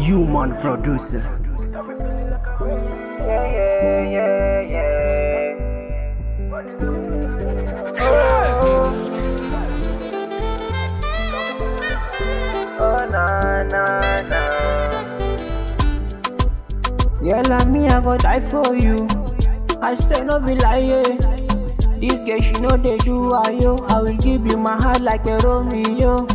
Human producer. Yeah, yeah, yeah, yeah. Oh, oh like me, I go die for you. I still no be lie. Eh. This girl she know they do ayo. I will give you my heart like a Romeo.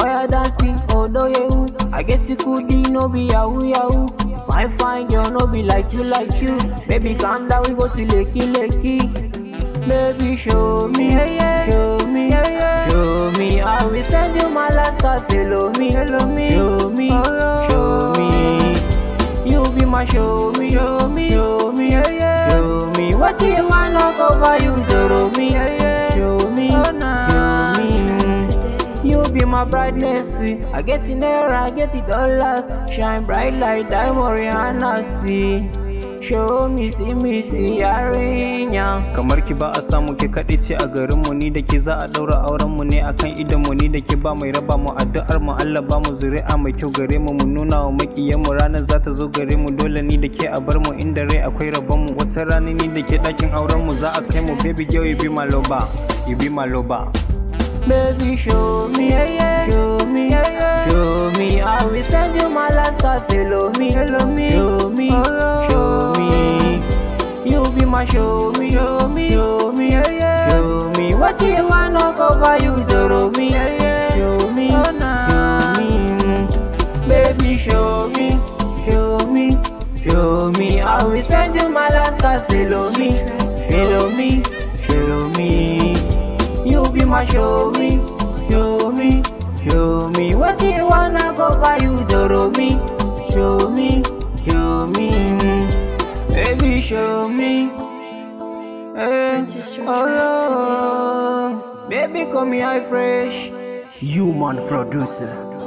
Oh yeah, dancing, oh no yeah. I guess you could be no be yahoo yahoo. Fine fine girl no be like you like you. Baby calm down we go to leki leki. Baby show me, hey, yeah, show me, hey, yeah, show me. I'll be send you my last card, follow me, follow me, show me, oh, show me. You be my show me, show me, show me, yeah, yeah. show me. What's it one knock over you? my brightness. See. I get it naira, I get it up. Shine bright like diamond Rihanna. See. show me see me see kamar ki ba a samu ki kaɗai ce a garin mu ni da ki za a ɗaura auren mu ne akan idan mu ni da ki ba mai raba mu addu'ar mu Allah ba mu zuri'a mai kyau gare mu mu nuna wa makiyan mu ranar za ta zo gare mu dole ni da ke a bar mu inda rai akwai rabon mu wata rana ni da ke ɗakin auren mu za a kai mu baby girl you be my lover you be Baby, show me, yeah, yeah. Show me, yeah, yeah. Show me. I will spend you my last time. Follow me, follow me. Show me, oh, show me. You be my show me, show me, show me, yeah, yeah. Show me. What you wanna cover you, throw me, yeah, yeah. Show me, oh, show me. Baby, show me, show me, show me. I will spend you my last time. Follow me, follow me, follow me my show me, show me, show me. What you wanna go by? you, throw me, show me, show me. Baby, show me. Hey, eh, oh, yeah. Oh, oh. baby, me high fresh. Human producer.